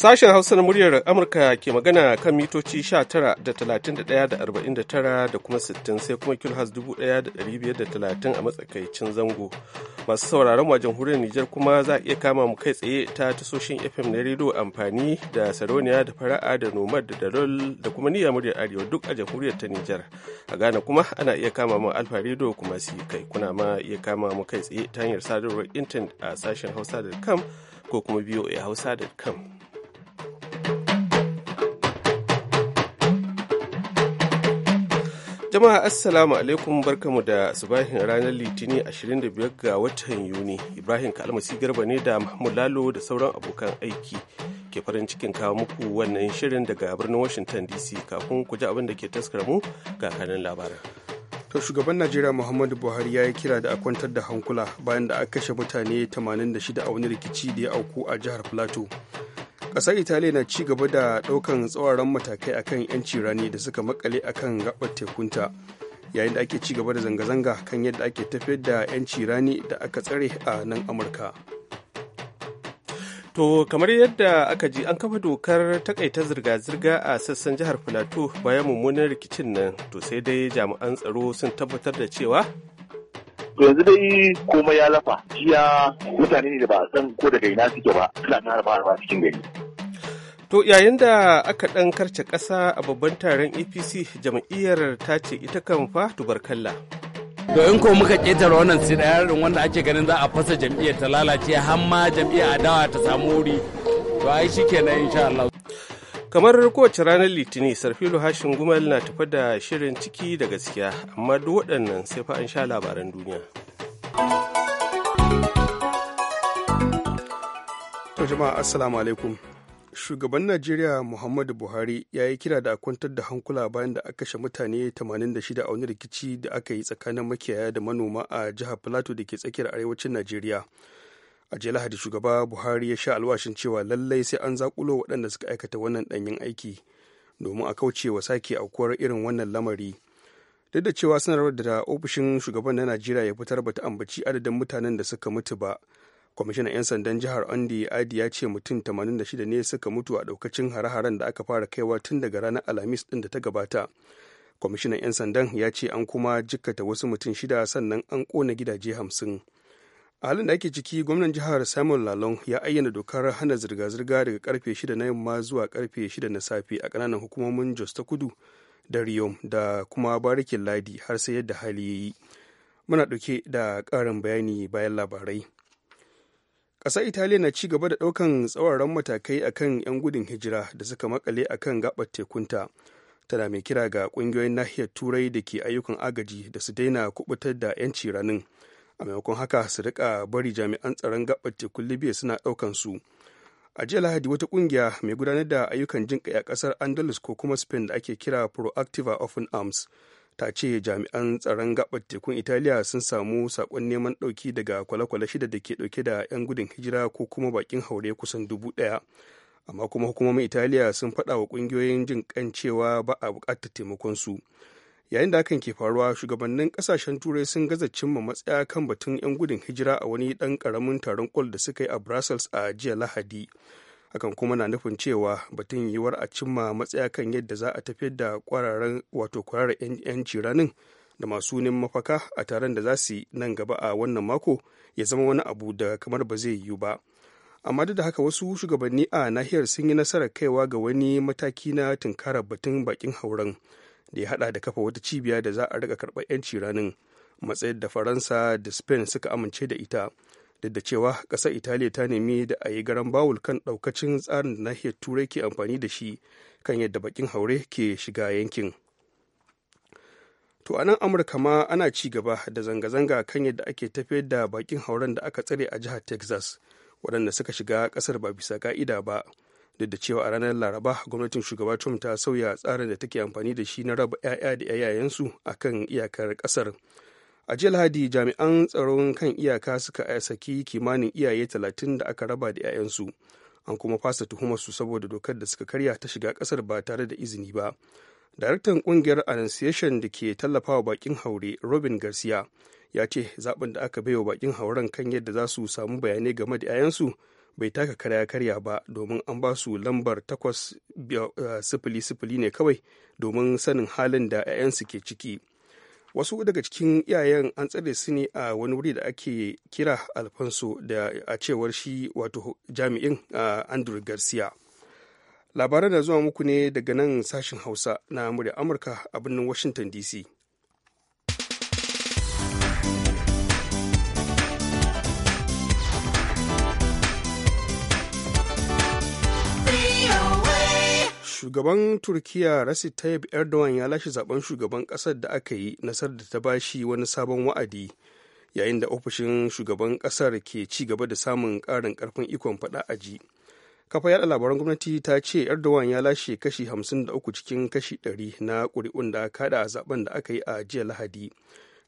Sashen Hausa na muryar Amurka ke magana kan mitoci 19 da 31 da 49 da kuma 60 sai kuma kilhas 1530 a matsakaicin zango. Masu sauraron wajen a jamhuriyar Nijar kuma za a iya kama mu kai tsaye ta tasoshin FM na rido amfani da Saroniya da Fara'a da Nomad da Dalol da kuma Niyya muryar Arewa duk a jamhuriyar ta Nijar. A Ghana kuma ana iya kama mu Alfa rido kuma si kai kuna ma iya kama mu kai tsaye ta hanyar sadarwar intanet a sashen hausa hausa.com ko kuma kam. Jama'a Assalamu alaikum barkamu da subahin ranar Litini 25 ga watan Yuni. Ibrahim Kalmasi Garba ne da Mahmud Lalo da sauran abokan aiki ke farin cikin kawo muku wannan shirin daga birnin Washington DC kafin ku ji abin da ke taskar mu ga kanin labaran. To shugaban Najeriya Muhammadu Buhari ya yi kira da a kwantar da hankula bayan da aka kashe mutane 86 a wani rikici da ya auku a jihar Plateau. kasar italiya na ci gaba da daukan tsawaran matakai akan 'yanci rani da suka makale akan gabar tekunta yayin da ake ci gaba da zanga-zanga kan yadda ake tafiyar da 'yanci rani da aka tsare a nan amurka To kamar yadda aka ji an kafa dokar takaita zirga-zirga a sassan jihar Filato bayan mummunan rikicin nan to sai dai jami'an tsaro sun tabbatar da cewa to yanzu dai komai ya lafa jiya mutane ne da ba san ko daga ina suke ba suna tara ba cikin gari To yayin da aka ɗan karce ƙasa a babban taron APC jam'iyyar ta ce ita kan fa tubarkalla. To in ko muka ƙetare wannan sinarin wanda ake ganin za a fasa jam'iyyar ta lalace har ma jam'iyyar adawa ta samu wuri. To ai shi kenan insha Allah kamar kowace ranar litinin sarfilu hashin gumal na tafa da shirin ciki da gaskiya amma duk waɗannan sai fa an sha labaran duniya to jama'a assalamu alaikum shugaban najeriya muhammadu buhari ya yi kira da a kwantar da hankula bayan da aka kashe mutane 86 a wani rikici da aka yi tsakanin makiyaya da manoma a jihar plateau da ke tsakiyar arewacin najeriya a jiya lahadi shugaba buhari ya sha alwashin cewa lallai sai an zakulo waɗanda suka aikata wannan ɗanyen aiki domin a kauce wa sake aukuwar irin wannan lamari duk da cewa sanarwar da ofishin shugaban na najeriya ya fitar bata ambaci adadin mutanen da suka mutu ba kwamishinan 'yan sandan jihar andi adi ya ce mutum 86 ne suka mutu a daukacin hare-haren da aka fara kaiwa tun daga ranar alhamis ɗin da ta gabata kwamishinan 'yan sandan ya ce an kuma jikkata wasu mutum shida sannan an kona gidaje hamsin a halin da ake ciki gwamnan jihar samuel lalong ya ayyana dokar hana zirga-zirga daga karfe 6 na yamma zuwa karfe 6 na safe a kananan hukumomin jos ta kudu da riyom da kuma barikin ladi har sai yadda hali ya yi muna ɗauke da ƙarin bayani bayan labarai ƙasar italiya na ci gaba da ɗaukan tsawaran matakai akan 'yan gudun hijira da suka makale akan gaɓar tekunta tana mai kira ga ƙungiyoyin nahiyar turai da ke ayyukan agaji da su daina kubutar da 'yanci ranin a maimakon haka su rika bari jami'an tsaron gabar tekun libya suna ɗaukan su a jiya lahadi wata kungiya mai gudanar da ayyukan jin a kasar andalus ko kuma spain da ake kira proactiva open arms ta ce jami'an tsaron gabar tekun italiya sun samu sakon neman ɗauki daga kwale-kwale shida da ke ɗauke da 'yan gudun hijira ko kuma bakin haure kusan dubu ɗaya amma kuma hukumomin italiya sun faɗa wa ƙungiyoyin jin cewa ba a bukatar taimakon su yayin da hakan ke faruwa shugabannin kasashen turai sun gaza cimma matsaya kan batun 'yan gudun hijira a wani dan karamin taron kwal da suka yi a brussels a jiya lahadi hakan kuma na nufin cewa batun yiwuwar a cimma matsaya kan yadda za a tafiyar da kwararren wato 'yan 'yanci ranin da masu nin mafaka a taron da za su nan gaba a wannan mako ya zama wani abu da kamar ba zai yiwu ba amma duk da haka wasu shugabanni a nahiyar sun yi nasarar kaiwa ga wani mataki na tunkarar batun bakin hauren da ya hada da kafa wata cibiya da za a riga karɓar 'yanci ranin matsayar da faransa da spain suka amince da ita duk da cewa ƙasar italiya ta nemi da a yi garan bawul kan ɗaukacin tsarin da nahiyar turai ke amfani da shi kan yadda bakin haure ke shiga yankin to a nan amurka ma ana ci gaba da zanga-zanga kan yadda ake tafiyar da bakin hauren da aka tsare a jihar texas waɗanda suka shiga ƙasar ba bisa ka'ida ba duk da cewa a ranar laraba gwamnatin shugaba trump ta sauya tsarin da take amfani da shi na raba 'ya'ya da 'ya'yayensu a kan iyakar ƙasar a jiya lahadi jami'an tsaron kan iyaka suka saki kimanin iyaye talatin da aka raba da 'ya'yansu an kuma fasa tuhumar su saboda dokar da suka karya ta shiga ƙasar ba tare da izini ba daraktan kungiyar annunciation da ke tallafawa bakin haure robin garcia ya ce zaben da aka baiwa bakin hauren kan yadda za su samu bayanai game da 'ya'yansu bai taka karya karya ba domin an ba su lambar takwas eh, sifili sifili ne kawai domin sanin halin da 'ya'yansu ke ciki wasu daga cikin iyayen an tsare su ne a wani wuri da ake kira alfonso da a cewar shi wato jami'in andrew garcia labaran da zuwa muku ne daga nan sashen hausa na murya amurka a birnin washington dc shugaban turkiya recep tayyip erdogan ya lashe zaben shugaban kasar da aka yi nasar da ta ba shi wani sabon wa'adi yayin da ofishin shugaban kasar ke ci gaba da samun karin karfin ikon fada aji kafa yada labaran gwamnati ta ce erdogan ya lashe kashi 53 cikin kashi 100 na ƙuri'un da kada a zaben da aka yi a jiya lahadi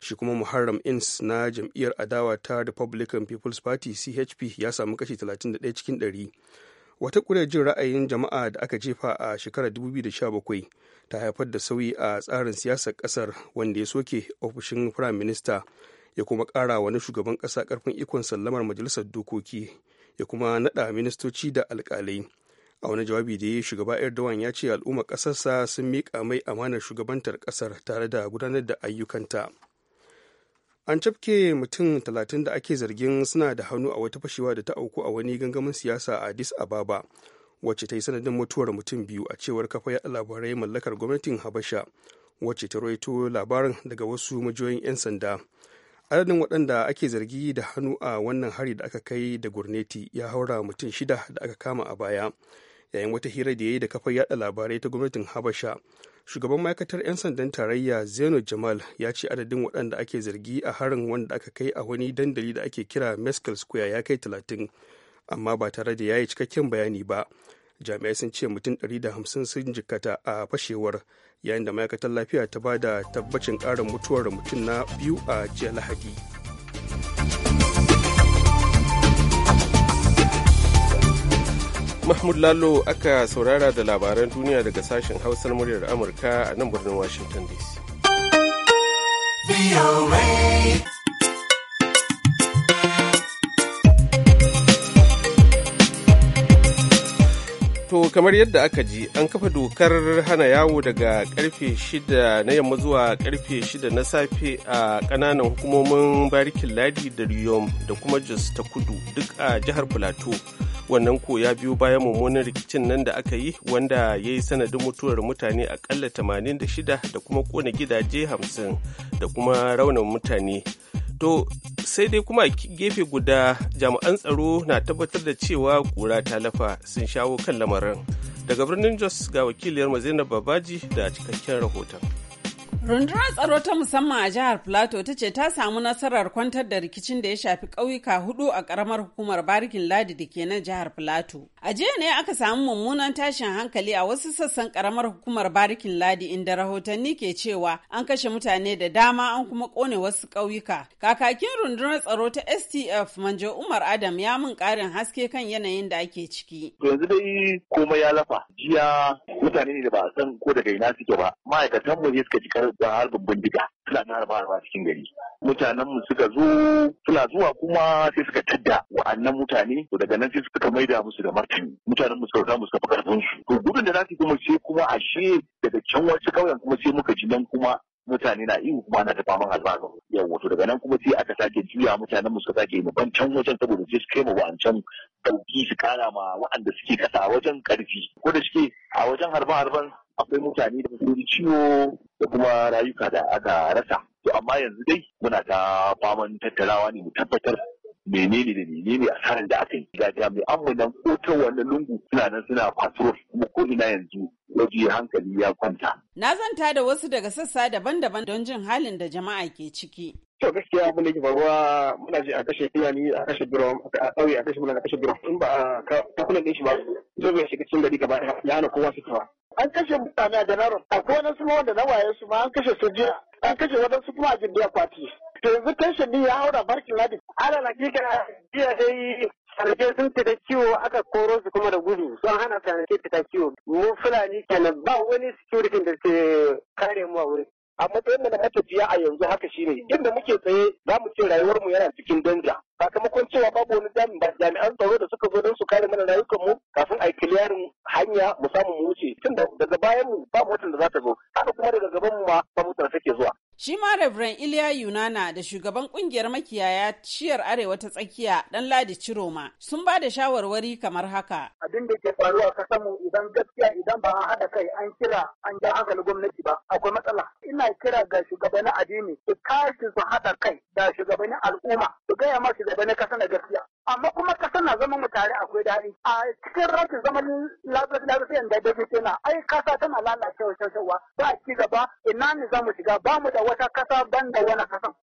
shi kuma muharram ins na jam'iyyar adawa ta republican people's party chp ya samu kashi 31 cikin 100 wata ƙuri'ar jin ra'ayin jama'a da aka jefa a shekarar 2017 ta haifar da sauyi a tsarin siyasar ƙasar wanda ya soke ofishin firayim minista ya kuma ƙara wani shugaban ƙasa ƙarfin ikon sallamar majalisar dokoki ya kuma naɗa ministoci da alƙalai a wani jawabi da ya yi shugaba erdogan ya ce al'ummar ƙasarsa sun miƙa mai amanar shugabantar ƙasar tare da gudanar da ayyukanta. an cafke mutum talatin da ake zargin suna da hannu a wata fashewa da ta auku a wani gangamin siyasa a Dis ababa wacce ta yi sanadin mutuwar mutum biyu a cewar kafa yaɗa labarai mallakar gwamnatin habasha wacce ta roito labarin daga wasu majiyoyin 'yan sanda adadin waɗanda ake zargi da hannu a wannan hari da aka kai da gurneti ya haura mutum shida da aka kama a baya yayin wata hira da ya yi da kafar yada labarai ta gwamnatin habasha shugaban ma'aikatar 'yan sandan tarayya zeno jamal ya ce adadin waɗanda ake zargi a harin wanda aka kai a wani dandali da ake kira mescal square ya kai talatin, amma ba tare da ya yi cikakken bayani ba jami'ai sun ce mutum da hamsin sun jikkata a fashewar yayin da ma'aikatar lafiya ta ba da tabbacin ƙarin mutuwar mutum na biyu a jiya lahadi Mahmud Lalo aka saurara da labaran duniya daga sashen hausar muryar Amurka a nan birnin Washington DC. To kamar yadda aka ji an kafa dokar hana yawo daga karfe shida na yamma zuwa karfe shida na safe a kananan hukumomin barikin ladi da riyom da kuma jos ta kudu duk a jihar plateau wannan ko ya biyo bayan mummunan rikicin nan da aka yi wanda ya yi sanadin mutuwar mutane akalla 86 da kuma kona gidaje 50 da kuma raunin mutane To sai dai kuma gefe guda jami'an tsaro na tabbatar da cewa kura ta lafa sun shawo kan lamarin. Daga birnin Jos ga wakiliyar Zainab Babaji da cikakken rahoton. Rundunar tsaro ta musamman a jihar Plateau ta ce ta samu nasarar kwantar da rikicin da ya shafi ƙauyuka hudu a ƙaramar hukumar barikin ladi da ke nan jihar Plateau. A jiya ne aka samu mummunan tashin hankali a wasu sassan karamar hukumar barikin ladi inda rahotanni ke cewa an kashe mutane da dama an kuma kone wasu ƙauyuka. Kakakin rundunar tsaro ta STF Manjo Umar Adam ya mun karin haske kan yanayin da ake ciki. Yanzu dai komai ya lafa. Jiya mutane ne da ba a san ko daga ina suke ba. Ma'aikatan mu ne suka ji karar da harbin bindiga. suna ta harba harba cikin gari mutanen mu suka zo suna zuwa kuma sai suka tadda wa'annan mutane to daga nan sai suka maida musu da martani mutanen mu suka musu suka karfin su to gudun da zasu kuma sai kuma ashe daga can wasu kauyen kuma sai muka ji nan kuma mutane na iya kuma na da faman albarka yawa to daga nan kuma sai aka sake juya mutanen mu suka sake mu can wajen saboda sai su kai mu wancan dauki su kara ma wa'anda suke kasa wajen karfi ko da shike a wajen harban harban akwai mutane da sun ciwo da kuma rayuka da aka rasa to amma yanzu dai muna ta faman tattarawa ne mu tabbatar menene da menene tsarin da aka yi ga jami'an mu nan ko ta wannan lungu suna nan suna patrol kuma ko ina yanzu waje hankali ya kwanta na zanta da wasu daga sassa daban-daban don jin halin da jama'a ke ciki to gaskiya muna yi ke faruwa muna ji a kashe fulani a kashe birom a ƙauye a kashe fulani a kashe birom in ba a kakunan ɗin shi ba zai bai shiga cikin gari gaba ɗaya ya hana kowa fitowa an kashe mutane a janaron akwai wani su wanda na waye su ma an kashe su jiya an kashe wadansu kuma a jindiya kwati to yanzu tashin din ya haura barkin ladin ala na kika jiya dai sarje sun fita kiwo aka koro su kuma da gudu sun hana sarje fita kiwo mu fulani kenan ba wani security da ke kare mu a wurin a matsayin na matafiya a yanzu haka shine inda muke tsaye za mu ce mu yana cikin danja sakamakon cewa babu wani jami'an tsaro da suka zo don su kare mana mu kafin a yi kiliyarin hanya mu samu mu wuce tunda daga bayan mu ba motar da za ta zo haka kuma daga gaban mu ma ba motar take zuwa Shi ma Reverend Iliya Yunana da shugaban kungiyar makiyaya ciyar arewa ta tsakiya dan Ladi Ciroma sun ba da shawarwari kamar haka. Abin da ke faruwa ka samu idan gaskiya idan ba an haɗa kai an kira an ja hankalin gwamnati ba akwai matsala. Ina kira ga shugabanni addini su tashi su haɗa kai da shugabannin al'umma su gaya ma shugabannin kasa na gaskiya. amma kuma ka na zama mu tare akwai daɗi a cikin rashin zaman lafiyar da dafi tana ai kasa tana lalacewa shawshawa ba a ci gaba ina ne za mu shiga ba mu da wata kasa ban da wani kasan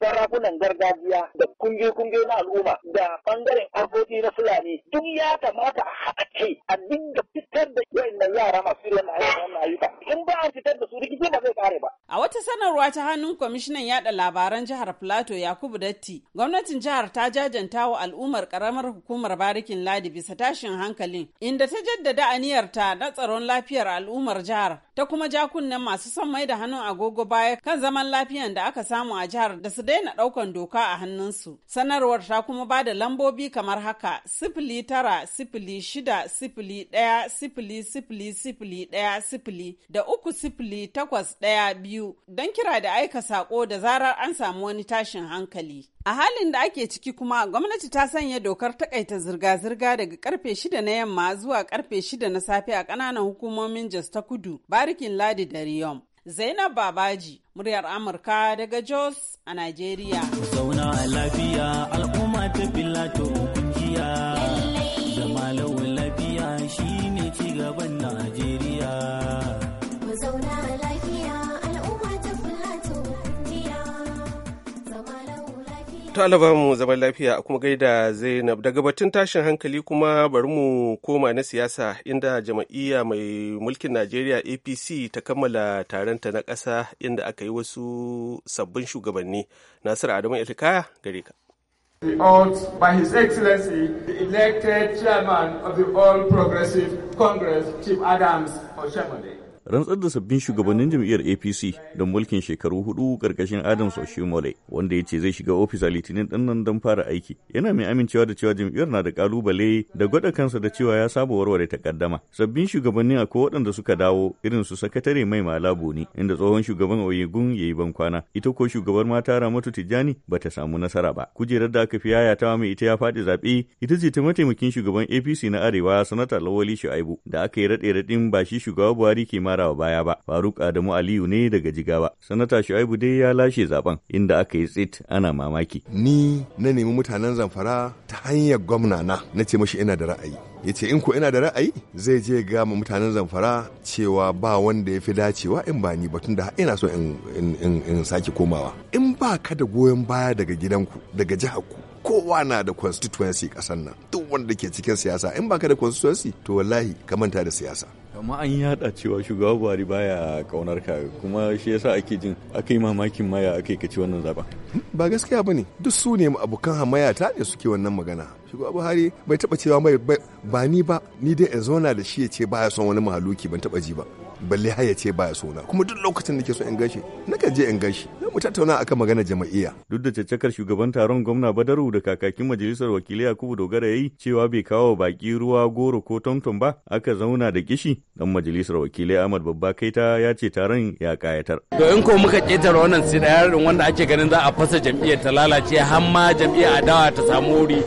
sarakunan gargajiya da kunge-kunge na al'umma da bangaren harkoki na Fulani duk ya kamata a haɗa a dinga fitar da wayannan yara masu yin wannan ayyuka. In ba a fitar da su rikici ba zai kare ba. A wata sanarwa ta hannun kwamishinan yaɗa labaran jihar Plateau Yakubu Datti, gwamnatin jihar ta jajanta wa al'ummar karamar hukumar barikin Ladi bisa tashin hankalin inda ta jaddada aniyarta na tsaron lafiyar al'ummar jihar ta kuma jakunan masu son mai da hannun agogo baya kan zaman lafiyan da aka samu a jihar da su daina daukan doka a hannunsu. Sanarwar ta kuma ba da lambobi kamar haka sifili tara sifili shida sifili ɗaya sifili sifili sifili ɗaya sifili da uku sifili takwas ɗaya biyu don kira da aika sako da zarar an samu wani tashin hankali. A halin da ake ciki kuma gwamnati ta sanya dokar takaita zirga-zirga daga karfe 6 na yamma zuwa karfe 6 na safe a kananan hukumomin Jos ta Kudu, Barikin Ladi da Riyom. Zainab Babaji, muryar Amurka daga Jos a Najeriya. Zauna a lafiya al'umma ta filato kungiya, zama lawan lafiya shine cigaban Najeriya. To mu zaman lafiya a kuma gaida Zainab daga batun tashin hankali kuma bari mu koma na siyasa inda jama'iyya mai mulkin Najeriya APC ta kammala taronta na ƙasa inda aka yi wasu sabbin shugabanni. Nasiru Adamu Ilkaya gare ka. The oath by His Excellency, the elected chairman of the All Progressive Congress, Chief Adams Oshemade. rantsar da sabbin shugabannin jam'iyyar apc don mulkin shekaru hudu karkashin adams oshimole wanda ya ce zai shiga ofis a litinin din don fara aiki yana mai amincewa da cewa jam'iyyar na da kalubale da gwada kansa da cewa ya saba warware takaddama sabbin shugabannin akwai waɗanda suka dawo irin su sakatare mai malabo ne inda tsohon shugaban oyegun ya yi bankwana ita ko shugabar mata ramatu tijjani ba ta samu nasara ba kujerar da aka fi yayatawa mai ita ya faɗi zaɓe ita ce ta mataimakin shugaban apc na arewa sanata lawali shu'aibu da aka yi raɗe-raɗin ba shi shugaba buhari ke ma farawa baya ba faruk adamu aliyu ne daga jigawa sanata shu'aibu dai ya lashe zaben inda aka yi tsit ana mamaki ni na nemi mutanen zamfara ta hanyar gwamna na na ce mashi ina da ra'ayi ya ce in ko ina da ra'ayi zai je ga mutanen zamfara cewa ba wanda ya fi dacewa in ba ni tun da ina so in sake komawa in ba ka da goyon baya daga gidanku daga jihar ku kowa na da constituency kasan nan duk wanda ke cikin siyasa in baka da constituency to wallahi ka manta da siyasa amma an yada cewa shugaba buhari baya kaunar ka kuma shi yasa ake jin aka yi mamakin maya aka yi kaci wannan zaben ba gaskiya bane duk su ne abokan hamaya ta da suke wannan magana shugaba buhari bai taba cewa mai ba ni ba ni dai in zauna da shi ya ce baya son wani mahaluki ban taba ji ba balle haya ce baya sona kuma duk lokacin da ke so in gashi nakan je in gashi na mu tattauna akan magana jama'iyya duk da caccakar shugaban taron gwamna Badaru da kakakin majalisar wakilai Yakubu Dogara yayi cewa bai kawo baki ruwa goro ko tomtom ba aka zauna da kishi dan majalisar wakilai Ahmad Babba Kaita ya ce taron ya kayatar to in ko muka ketare wannan da wanda ake ganin za a fasa jam'iyyar ta lalace har ma jam'iyyar adawa ta samu wuri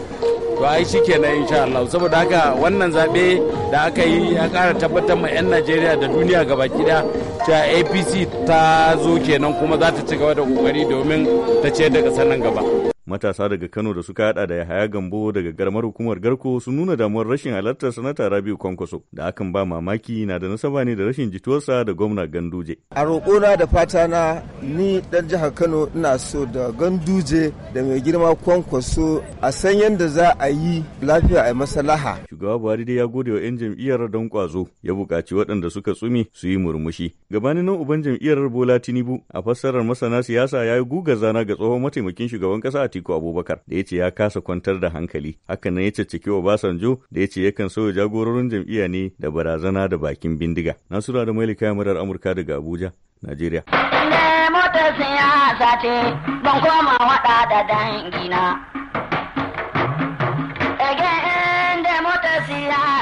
to ai shikenan insha Allah saboda haka wannan zabe da aka yi ya kara tabbatar ma 'yan Najeriya da duniya gaba kida cewa APC ta zo kenan kuma za ta ci gaba da kokari domin ta ce da sanan nan gaba matasa daga Kano da suka hada da Yahaya Gambo daga garmar hukumar Garko sun nuna damuwar rashin halartar sanata Rabiu Kwankwaso da akan ba mamaki na da nasaba ne da rashin jituwarsa da gwamna Ganduje. A roƙona da fata na ni dan jihar Kano ina so da Ganduje da mai girma Kwankwaso a san yadda za a yi lafiya a masalaha. Shugaba Buhari dai ya gode wa 'yan jam'iyyar don kwazo ya buƙaci waɗanda suka tsumi su yi murmushi. Gabanin nan uban jam'iyyar Bola Tinubu a fassarar masana siyasa ya yi guga zana ga tsohon mataimakin shugaban ƙasa a Atiku Abubakar da ya ce ya kasa kwantar da hankali. Hakan nan ya caccaki Obasanjo da ya ce yakan sauya jagororin jam'iyya ne da barazana da bakin bindiga. Nasura da kayan Murar Amurka daga Abuja, Najeriya. Ne motar siyasa ce, don koma waɗa da dangina.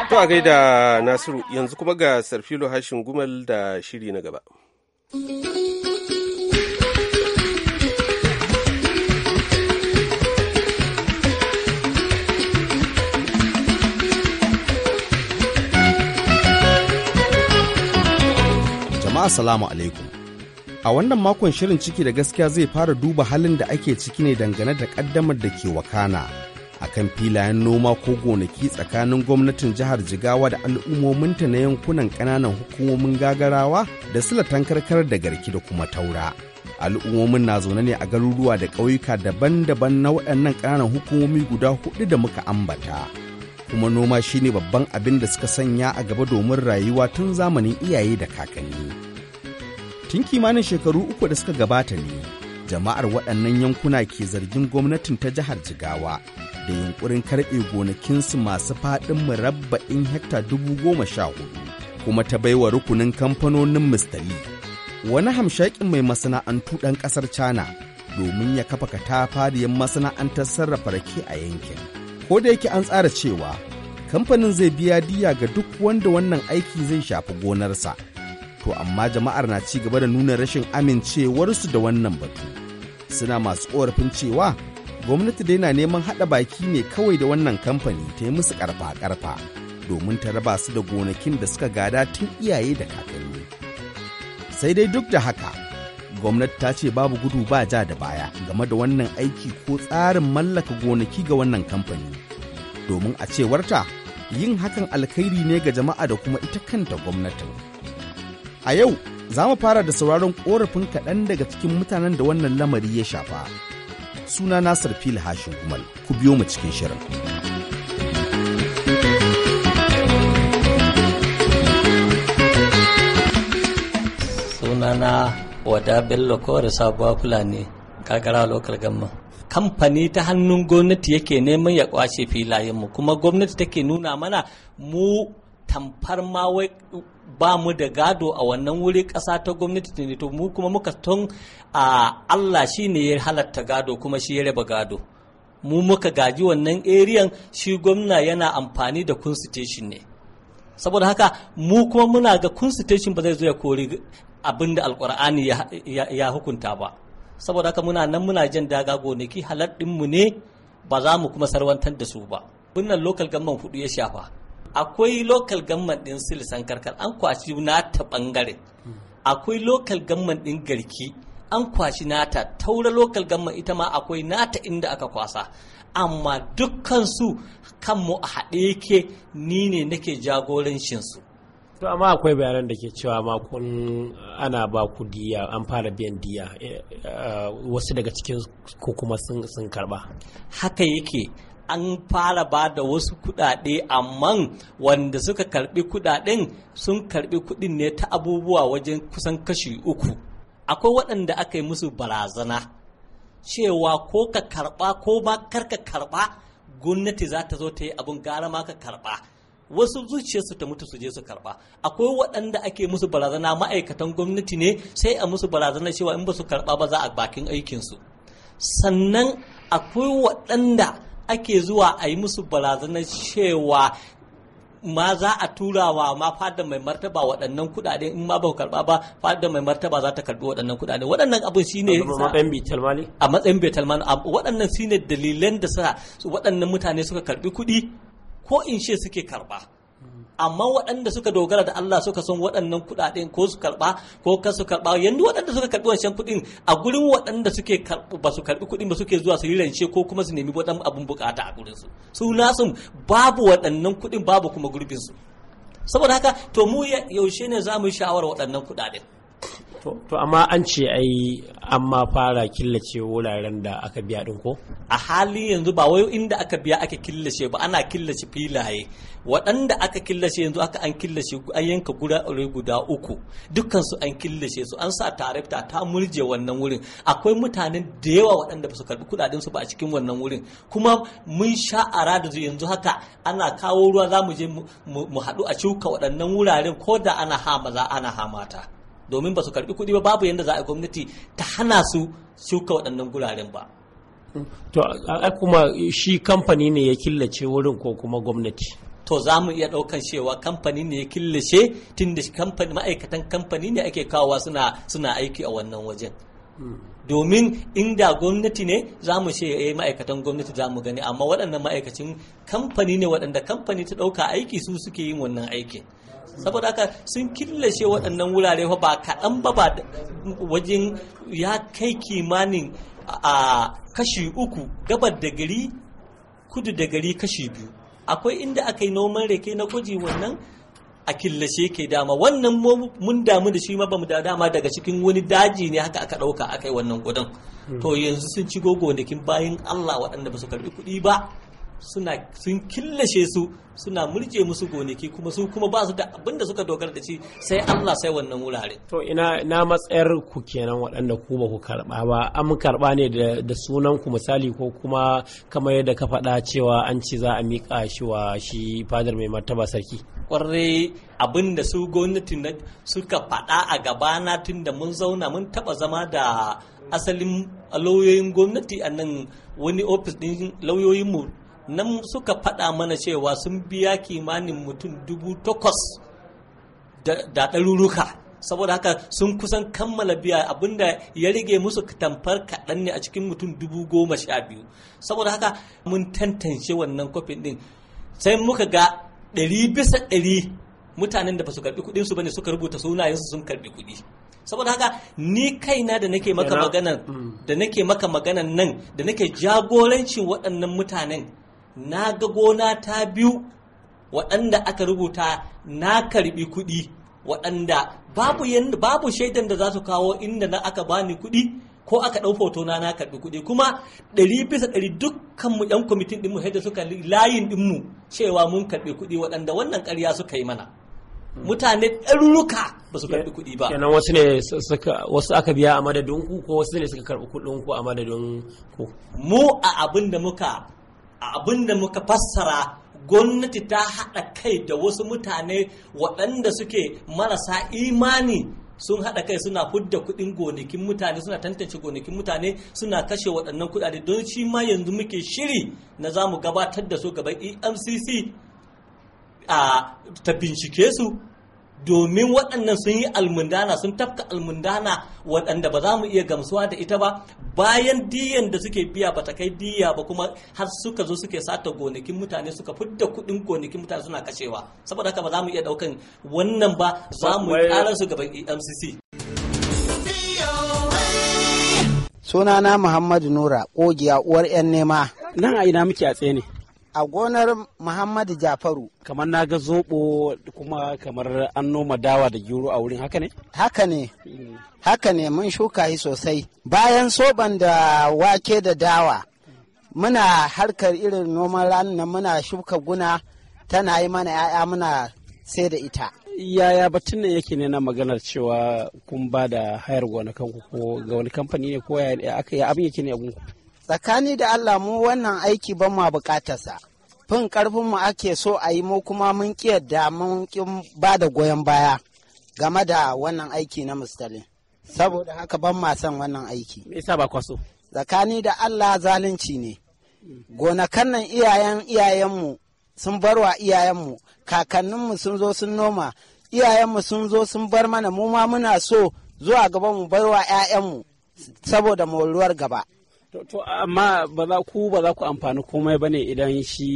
To a gaida Nasiru yanzu kuma ga Sarfilo Hashin Gumal da shiri na gaba. Assalamu alaikum. A wannan makon shirin ciki da gaskiya zai fara duba halin da ake ciki ne dangane da ƙaddamar da ke wakana a kan filayen noma ko gonaki tsakanin gwamnatin jihar Jigawa da al'ummominta na yankunan ƙananan hukumomin gagarawa da silatan karkar da garki da kuma taura. al'ummomin na zaune ne a garuruwa da ƙauyuka daban-daban na waɗannan ƙananan hukumomi guda hudu da muka ambata kuma noma shine babban abin da suka sanya a gaba domin rayuwa tun zamanin iyaye da kakanni tun kimanin shekaru uku da suka gabata ne jama'ar waɗannan yankuna ke zargin gwamnatin ta jihar jigawa da yunkurin karɓe gonakinsu masu faɗin murabba'in hekta dubu goma sha hudu kuma ta baiwa rukunin kamfanonin mistali wani hamshakin mai masana'antu ɗan ƙasar china domin ya kafa katafariyar masana'antar sarrafa rake a yankin ko da yake an tsara cewa kamfanin zai biya diya ga duk wanda wannan aiki zai shafi gonarsa to amma jama'ar na ci gaba da nuna rashin amincewarsu da wannan batu suna masu korafin cewa gwamnati dai na neman haɗa baki ne kawai da wannan kamfani ta yi musu karfa-karfa domin ta raba su da gonakin da suka gada tun iyaye da kakanni sai dai duk da haka gwamnati ta ce babu gudu ba ja da baya game da wannan aiki ko tsarin mallaka gonaki ga wannan kamfani domin a cewarta yin hakan alkhairi ne ga jama'a da kuma ita kanta gwamnatin. A yau za mu fara da sauraron ƙorafin kaɗan daga cikin mutanen da wannan lamari ya shafa. Suna Nasir Fil Hashin Kumal, ku biyo mu cikin shirin. Sunana Wada Bello Kore Sabuwa Fulani, Kagara lokal gamma. kamfani ta hannun gwamnati yake neman ya kwace filayenmu kuma gwamnati take nuna mana mu tamfar ma wai ba mu da gado a wannan wuri ƙasa ta gwamnati ne to mu kuma muka tun a Allah shi ne ya halatta gado kuma shi ya raba gado mu muka gaji wannan eriyan shi gwamna yana amfani da constitution ne saboda haka mu kuma muna ga constitution ba zai zo ya kori abin da alkur'ani ya hukunta ba saboda haka muna nan muna jan daga gonaki haladdinmu ne ba za mu kuma sarwantar da su ba binnan lokal gamman hudu ya shafa akwai lokal government din silisan karkar an kwashi nata bangare akwai lokal government din garki an kwashi nata taura lokal government ita ma akwai nata inda aka kwasa amma dukkansu kanmu a haɗe yake ni ne nake jagorancinsu to amma akwai bayanan da ke cewa ma kun ana ba ku diya an fara biyan diya eh, eh, wasu daga cikin ko kuma sun karba haka yake an fara ba da wasu kudade amma wanda suka karbi kudaden sun karbi kudin ne ta abubuwa wajen kusan kashi uku akwai waɗanda aka yi musu barazana cewa ko ka karba ko ma karka karba gwamnati za ta zo ta yi abin gara ma ka karba wasu zuciyarsu ta mutu su je su karba akwai waɗanda ake musu barazana ma'aikatan gwamnati ne sai a musu barazana cewa in ba su karba ba za a bakin aikinsu sannan akwai waɗanda ake zuwa a yi musu barazanar cewa ma za a tura wa ma fada mai martaba waɗannan kuɗaɗe in ma ba karɓa ba fada mai martaba za ta karɓi waɗannan kuɗaɗe waɗannan abin shi ne a matsayin betel mali waɗannan shi ne dalilan da sa waɗannan mutane suka karɓi kuɗi ko in ce suke karɓa amma waɗanda suka dogara da Allah suka san waɗannan kuɗaɗen ko su karɓa ko ka su karɓa yanzu waɗanda suka karɓi wancan kuɗin a gurin waɗanda suke ba su karɓi kuɗin ba suke zuwa su yi rance ko kuma su nemi waɗannan abun bukata a gurin su su nasu babu waɗannan kuɗin babu kuma gurbin su saboda haka to mu yaushe ne za mu yi sha'awar waɗannan kuɗaɗen to amma an ce ai an ma fara killace wuraren da aka biya din ko a halin yanzu ba wai inda aka biya aka killace ba ana killace filaye waɗanda aka killace yanzu aka an killace an yanka guda guda uku dukkan an killace su an sa tarifta ta murje wannan wurin akwai mutanen da yawa waɗanda ba su karbi kudaden su ba a cikin wannan wurin kuma mun sha ara da yanzu haka ana kawo ruwa za mu je mu haɗu a cuka waɗannan wuraren ko da ana hama za ana hamata. mata domin ba su karbi kuɗi ba babu yadda za a gwamnati ta hana su shuka waɗannan guraren ba to a kuma shi kamfani ne ya killace wurin ko kuma gwamnati to za mu iya ɗaukan cewa kamfani ne ya killace tun da ma'aikatan kamfani ne ake kawowa suna suna aiki a wannan wajen domin inda gwamnati ne za mu ce ya eh, ma'aikatan gwamnati za mu gani amma waɗannan ma'aikacin kamfani ne waɗanda kamfani ta ɗauka aiki su suke yin wannan aikin saboda haka sun killace waɗannan wurare ba kaɗan ba ba wajen ya kai kimanin a kashi uku gabar da gari kudu da gari kashi biyu akwai inda aka yi noman rake na gwaji wannan a killace ke dama wannan mun damu da shi ma bamu da dama daga cikin wani daji ne haka aka ɗauka aka yi wannan gudun hmm. to yanzu sun ci gogonakin bayan allah waɗanda ba su karɓi kuɗi ba suna sun killace su suna murje musu gonaki kuma su kuma ba su da abin da suka dogara da shi sai Allah sai wannan wurare to ina na matsayar ku kenan waɗanda ku ba ku karba ba an karba ne da sunan ku misali ko kuma kamar yadda ka faɗa cewa an ci za a miƙa shi wa shi fadar mai martaba sarki kwarai abin da su gwamnati suka faɗa a gaba na tun da mun zauna mun taɓa zama da asalin lauyoyin gwamnati a nan wani ofis ɗin lauyoyinmu nan suka faɗa mana cewa sun biya kimanin mutum dubu takwas da ɗaruruka saboda haka sun kusan kammala biya abinda ya rage musu tamfar kaɗan ne a cikin mutum dubu goma sha biyu saboda haka mun tantance wannan kofin ɗin sai muka ga ɗari bisa ɗari mutanen da ba su karɓi kuɗinsu ba ne suka rubuta sunayensu sun karɓi kuɗi saboda haka ni kaina da nake maka maganan mm. da nake maka maganan nan da nake jagorancin waɗannan mutanen na ga gona ta biyu waɗanda aka rubuta na karbi kuɗi waɗanda babu yanda babu shaidan da za su kawo inda na aka bani kuɗi ko aka ɗau foto na na karɓi kuɗi kuma ɗari bisa ɗari dukkan mu ɗan kwamitin ɗinmu yadda suka layin ɗinmu cewa mun karɓi kuɗi waɗanda wannan ƙarya suka yi mana mutane ɗaruruka ba su karɓi kuɗi ba kenan wasu ne suka wasu aka biya a madadin ku ko wasu ne suka karɓi kuɗin ku a madadin ku mu a abin da muka a da muka fassara gwamnati ta haɗa kai da wasu mutane waɗanda suke marasa imani sun haɗa kai suna fudda kuɗin gonakin mutane suna tantance gonakin mutane suna kashe waɗannan kuɗaɗe don shi ma yanzu muke shiri na za mu gabatar da su gaban emcc a ta bincike su domin waɗannan sun yi almundana sun tafka almundana waɗanda ba za mu iya gamsuwa da ita ba bayan diyan da suke biya ba ta kai diya ba kuma har suka zo suke sata gonakin mutane suka fidda kuɗin gonakin mutane suna kashewa saboda haka ba za mu iya ɗaukan wannan ba za mu ƙarar su gaban EMCC. Sunana Muhammadu Nura, ƙogiya uwar 'yan nema. Nan a ina muke a tsene a gonar Muhammadu Jafaru. Kamar na ga zobo kuma kamar an noma dawa da gero a wurin haka ne? Haka ne. Mm. Haka ne mun shuka shi sosai. Bayan soban da wake da dawa muna harkar irin noman ranar nan muna shuka guna tana yi mana 'ya'ya muna sai da ita. Yaya batun nan yake nena maganar cewa kun ba da hayar gonakan ko ga wani kamfani ne ko ya aka yi abin yake ne a gunku? Tsakani da Allah mu wannan aiki ban ma bukatarsa. Fin ƙarfinmu ake so a yi mu kuma mun da mun ba da goyon baya game da wannan aiki na mustalin. Saboda haka ban ma son wannan aiki. Me yasa ba so? Tsakani da Allah zalunci ne. Gonakan nan iyayen iyayenmu sun bar wa iyayenmu, kakanninmu sun zo sun noma, iyayenmu sun zo sun bar mana mu ma muna so zuwa gaba mu bar wa 'ya'yanmu saboda moruwar gaba To amma ba za ku ba za ku amfani komai ba ne idan shi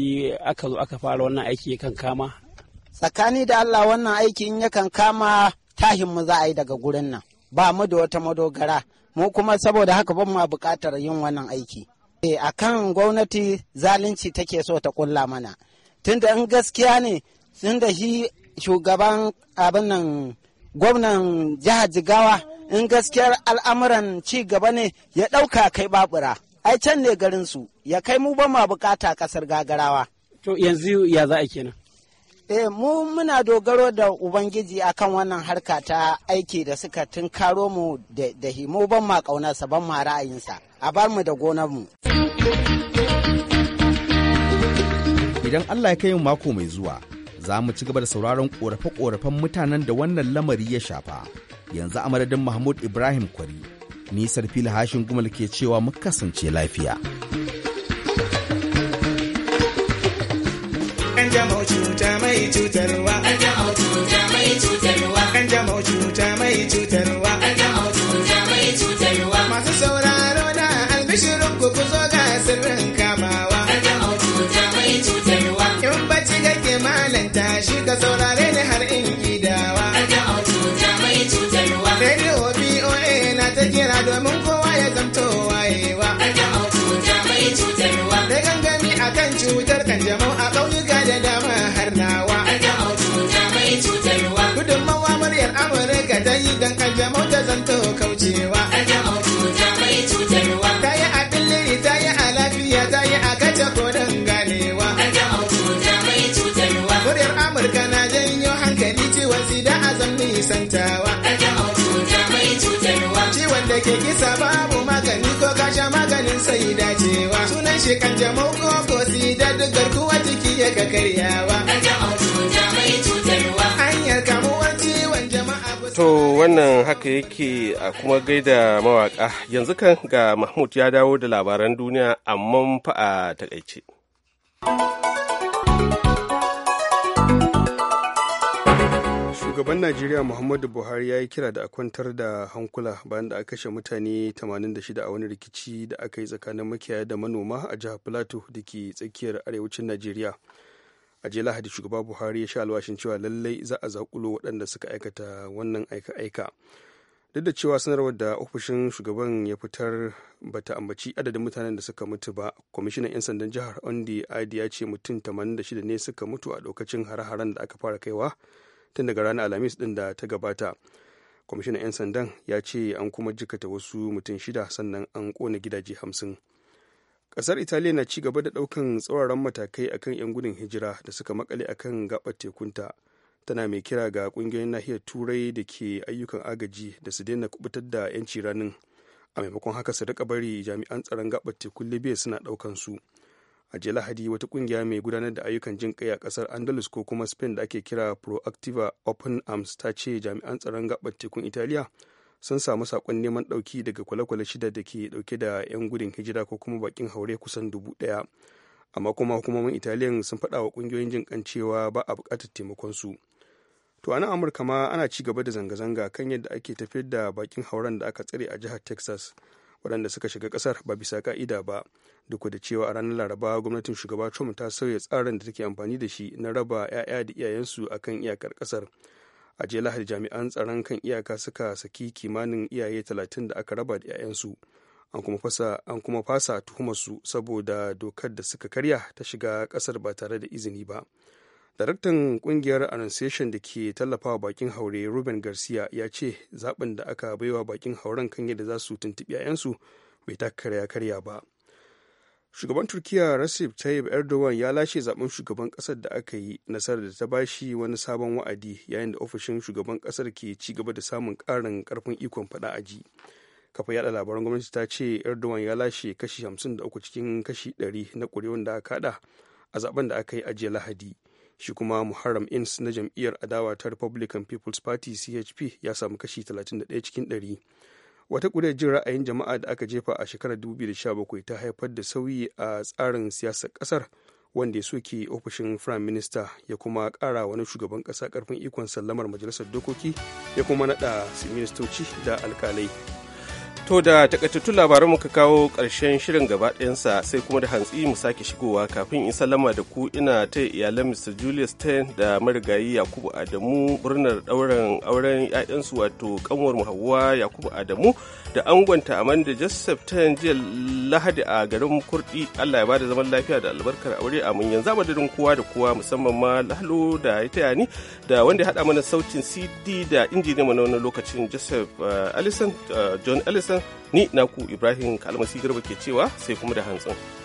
aka zo aka fara wannan aiki kan kama? Tsakani da Allah wannan aikin in yakan kama tahin mu za a yi daga gurin nan. Ba mu da wata madogara. Mu kuma saboda haka ban ma bukatar yin wannan aiki. E, a kan gwamnati zalunci take so ta kulla mana. Tunda in gaskiya ne, tunda shi shugaban abin nan gwamnan jihar Jigawa in gaskiyar al'amuran ci gaba ne ya ɗauka kai babura ai can ne garinsu, ya kai mu ba ma bukata kasar gagarawa to yanzu ya za a kenan eh mu muna dogaro da ubangiji akan wannan harka ta aiki da suka tunkaro mu da himo ban ma kaunarsa ban ma ra'ayinsa a bar mu da gonar mu idan Allah ya kai mu mako mai zuwa za mu ci gaba da sauraron korafe-korafen mutanen da wannan lamari ya shafa yanzu a mahmud ibrahim kwari nisar fili hashin gumal ke cewa mu kasance lafiya cuta mai Masu sauraro na albishirin ku ga sirrin kamawa. cuta mai ka saurare ni har in Amurka ta yi don kanjamau ta zanto kaucewa. Kanjamau cuta mai cutarwa. Ta yi a billiri ta yi a lafiya ta yi a kace koren ganewa. Kanjamau cuta mai cutarwa. Muryar Amurka na janyo hankali ciwon sida a zan nisantawa. Kanjamau cuta mai cutarwa. Ciwon da ke kisa babu magani ko kasha maganin saidacewa. Sunan shi kanjamau ko ko sida duk garkuwa jiki ya ka karyawa. To wannan haka yake a kuma gaida mawaka yanzu kan ga Mahmud ya dawo da labaran duniya amma fa a takaice. Shugaban Najeriya Muhammadu Buhari ya yi kira da a kwantar da hankula bayan da aka kashe mutane 86 a wani rikici da aka yi tsakanin makiyaya da manoma a jihar Plateau da ke tsakiyar arewacin Najeriya. a jiya lahadi shugaba buhari ya sha alwashin cewa lallai za a zakulo waɗanda suka aikata wannan aika-aika duk da cewa sanarwar da ofishin shugaban ya fitar ba ta ambaci adadin mutanen da suka mutu ba kwamishinan 'yan sandan jihar ondi adi ya ce mutum 86 ne suka mutu a lokacin hare-haren da aka fara kaiwa tun daga ranar alhamis ɗin da ta gabata kwamishinan 'yan sandan ya ce an kuma jikata wasu mutum shida sannan an kona gidaje hamsin kasar italiya na ci gaba da daukan tsawaran matakai akan 'yan gudun hijira da suka makale akan gabar tekunta tana mai kira ga kungiyoyin nahiyar turai da ke ayyukan agaji da su daina kubutar da 'yanci ranin a maimakon haka su rika bari jami'an tsaron gabar tekun libya suna daukan su a jiya lahadi wata kungiya mai gudanar da ayyukan jin kai a kasar andalus ko kuma spain da ake kira proactiva open arms ta ce jami'an tsaron gabar tekun italiya sun samu sakon neman ɗauki daga kwale-kwale shida da ke ɗauke da 'yan gudun hijira ko kuma bakin haure kusan dubu ɗaya amma kuma hukumomin italiyan sun faɗa wa ƙungiyoyin jin kan cewa ba a buƙatar taimakon su to a nan amurka ma ana ci gaba da zanga-zanga kan yadda ake tafiyar da bakin hauren da aka tsare a jihar texas waɗanda suka shiga ƙasar ba bisa ka'ida ba duk da cewa a ranar laraba gwamnatin shugaba trump ta sauya tsarin da take amfani da shi na raba 'ya'ya da iyayensu akan iyakar ƙasar a jela lahadi jami'an tsaron kan iyaka suka saki kimanin iyaye talatin da aka raba da 'ya'yansu an kuma fasa tuhumar su saboda dokar da suka karya ta shiga kasar ba tare da izini ba daraktan kungiyar annunciation da ke tallafawa bakin haure ruben garcia ya ce zaben da aka baiwa bakin hauren kan yadda za su tuntuɓi 'ya'yansu bai ya karya ba shugaban turkiya recep tayyip erdogan ya lashe zaben shugaban kasar da aka yi nasarar da ta bashi wani sabon wa'adi yayin da ofishin shugaban kasar ke ci gaba da samun karin karfin ikon fada aji kafa yada labaran gwamnati ta ce erdogan ya lashe kashi 53 cikin kashi 100 na kuri'un da aka haɗa a zaben da aka yi a jiya lahadi shi kuma muharram ins na jam'iyyar adawa ta republican people's party chp ya samu kashi 31 cikin 100 wata ƙuri'ar jin ra'ayin jama'a da aka jefa a shekarar 2017 ta haifar da sauyi a tsarin siyasar ƙasar wanda ya soke ofishin prime minister ya kuma ƙara wani shugaban ƙasa ƙarfin ikon sallamar majalisar dokoki ya kuma naɗa ministoci da alƙalai To da takaitattun labaran muka kawo ƙarshen shirin gaba ɗayansa sai kuma da hantsi mu sake shigowa kafin in salama da ku ina ta iyalan Mr. Julius Ten da marigayi Yakubu Adamu murnar ɗauren auren 'ya'yansu wato kanwar mu Yakubu Adamu da angonta da Joseph ta jiya Lahadi a garin Kurdi Allah ya bada zaman lafiya da albarkar aure a mun yanzu madadin kowa da kowa musamman ma Lalo da ya taya ni da wanda ya haɗa mana saucin CD da injiniya mana wani lokacin Joseph uh, Allison uh, John Allison ni naku Ibrahim Kalmasi Garba ke cewa sai kuma da hantsin.